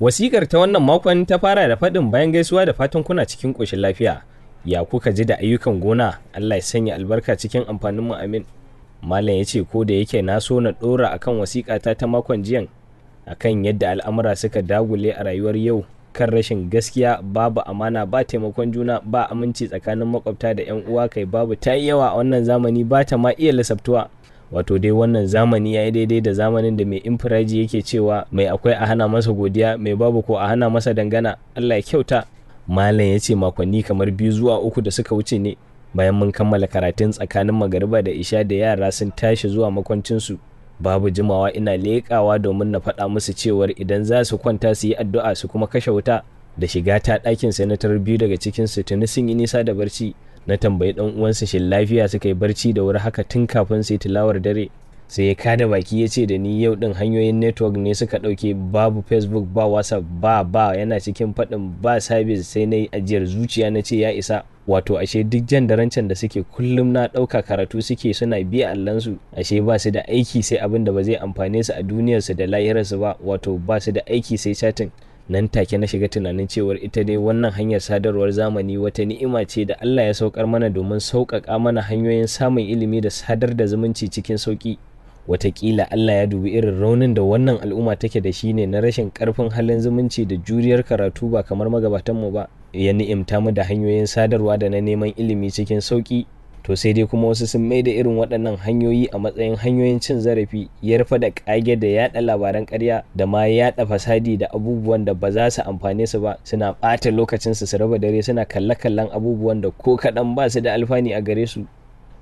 Wasikar ta wannan makon ta fara da faɗin bayan gaisuwa da fatan kuna cikin ƙoshin lafiya. Ya kuka ji da ayyukan gona, Allah ya sanya albarka cikin amfanin mu amin. Malam ya ce ko da yake na so na ɗora akan wasiƙa ta ta makon jiyan akan yadda al'amura suka dagule a rayuwar yau kan rashin gaskiya babu amana ba taimakon juna ba aminci tsakanin makwabta da 'yan uwa kai babu ta yawa a wannan zamani ba ta ma iya lissabtuwa. wato dai wannan zamani ya yi daidai da zamanin da mai infiraji yake cewa mai akwai a hana masa godiya mai babu ko a hana masa dangana allah ya kyauta malam ya ce makonni kamar biyu zuwa uku da suka wuce ne bayan mun kammala karatun tsakanin magariba da isha da yara sun tashi zuwa makwancinsu babu jimawa ina leƙawa domin na faɗa musu cewar idan za su kwanta su yi addu'a su kuma kashe wuta da shiga ta ɗakin sanatar biyu daga cikin su tuni sun yi nisa da barci na tambayi dan uwansa shin lafiya suka yi barci da wuri haka tun kafin su yi tilawar dare sai ya kada baki ya ce da ni yau din hanyoyin network ne suka dauke babu facebook ba whatsapp ba ba yana cikin fadin ba service sai na yi ajiyar zuciya na ce ya isa wato ashe duk jan da rancen da suke kullum na ɗauka karatu suke suna biya allansu ashe ba su da aiki sai abin da ba zai amfane su a duniyar su da lahirarsu ba wato ba su da aiki sai chatting nan take na shiga tunanin cewar ita dai wannan hanyar sadarwar zamani wata ni'ima ce da Allah ya saukar mana domin sauƙaƙa mana hanyoyin samun ilimi da sadar da zumunci cikin sauƙi wataƙila Allah ya dubi irin raunin da wannan al'umma take da shi ne na rashin ƙarfin halin zumunci da juriyar karatu ba kamar magabatanmu ba ya ni'imta mu da hanyoyin sadarwa da na neman ilimi cikin sauƙi to sai dai kuma wasu sun maida irin waɗannan hanyoyi a matsayin hanyoyin cin zarafi ya yarfa da ƙage da yaɗa labaran ƙarya da ma yaɗa fasadi da abubuwan da ba za su amfane su ba suna ɓata lokacin su su raba dare suna kalle-kallen abubuwan da ko kaɗan ba su da alfani a gare su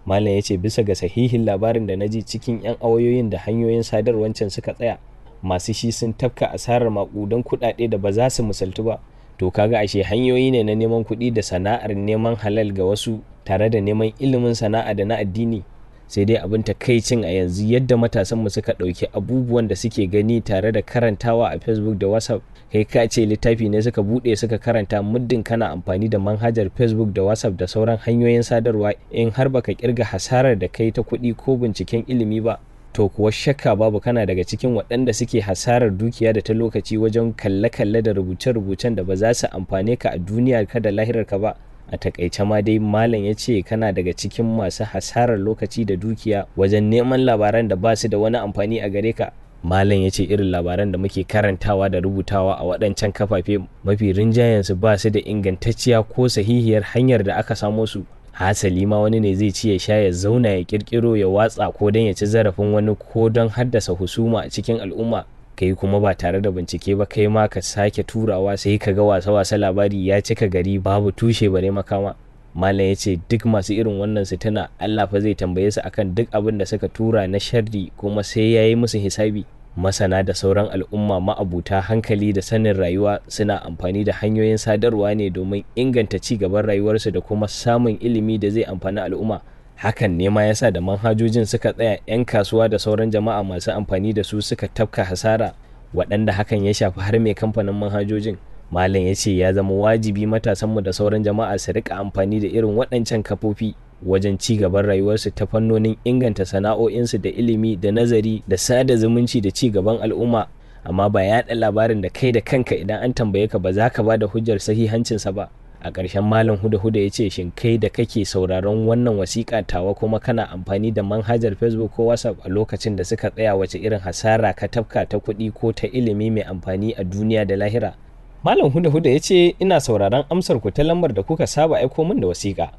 malam ya ce bisa ga sahihin labarin da na ji cikin 'yan awayoyin da hanyoyin sadarwancin suka tsaya masu shi sun tafka asarar maƙudan kuɗaɗe da ba za su misaltu ba to kaga ashe hanyoyi ne na neman kuɗi da sana'ar neman halal ga wasu tare da neman ilimin sana'a da na addini sai dai abin takaicin a yanzu yadda matasan mu suka ɗauki abubuwan da suke gani tare da karantawa a facebook da whatsapp kai ka ce littafi ne suka buɗe suka karanta muddin kana amfani da manhajar facebook da whatsapp da sauran hanyoyin sadarwa in har baka kirga hasarar da kai ta kuɗi ko binciken ilimi ba to kuwa shakka babu kana daga cikin waɗanda suke hasarar dukiya da ta lokaci wajen kalle-kalle da rubuce-rubucen da ba za su amfane ka a duniya ka da lahirar ka ba a takaice ma dai malam ya ce kana daga cikin masu hasarar lokaci da dukiya wajen neman labaran da ba su da wani amfani a gare ka malam ya ce irin labaran da muke karantawa da rubutawa a waɗancan kafafe mafi rinjayensu ba su da ingantacciya ko sahihiyar hanyar da aka samo su hasali ma wani ne zai ci ya sha ya zauna ya kirkiro ya watsa ko don ya ci zarafin wani ko don haddasa husuma a cikin al'umma kai kuma ba tare da bincike ba kai ma ka sake turawa sai ka ga wasa-wasa labari ya cika gari babu tushe ba bare makama malam ya ce duk masu irin wannan su tana allah fa zai tambaye su akan duk abin da suka tura na sharri kuma sai ya yi musu hisabi masana da sauran al'umma ma'abuta hankali da sanin rayuwa suna amfani da hanyoyin sadarwa ne domin inganta ci gaban rayuwarsu da kuma samun ilimi da zai amfani al'umma hakan ne ma yasa da manhajojin suka tsaya 'yan kasuwa da sauran jama'a masu amfani da su suka tafka hasara waɗanda hakan ya shafi har mai kamfanin manhajojin malam ya ce ya zama wajibi matasanmu da sauran jama'a su rika amfani da irin waɗancan kafofi wajen ci gaban rayuwarsu ta fannonin inganta sana'o'insu da ilimi da nazari da sada zumunci da ci gaban al'umma amma ba yaɗa labarin da kai da kanka idan an tambaye ka ba za ka ba da hujjar sahihancinsa ba a ƙarshen malam huda huda ya ce shin kai da kake sauraron wannan wasiƙa tawa kuma kana amfani da manhajar facebook ko whatsapp a lokacin da suka tsaya wace irin hasara ka tafka ta kuɗi ko ta ilimi mai amfani a duniya da lahira malam huda huda ya ce ina sauraron amsar ku ta lambar da kuka saba aiko min da wasiƙa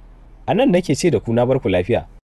a nan nake ce da ku na barku lafiya.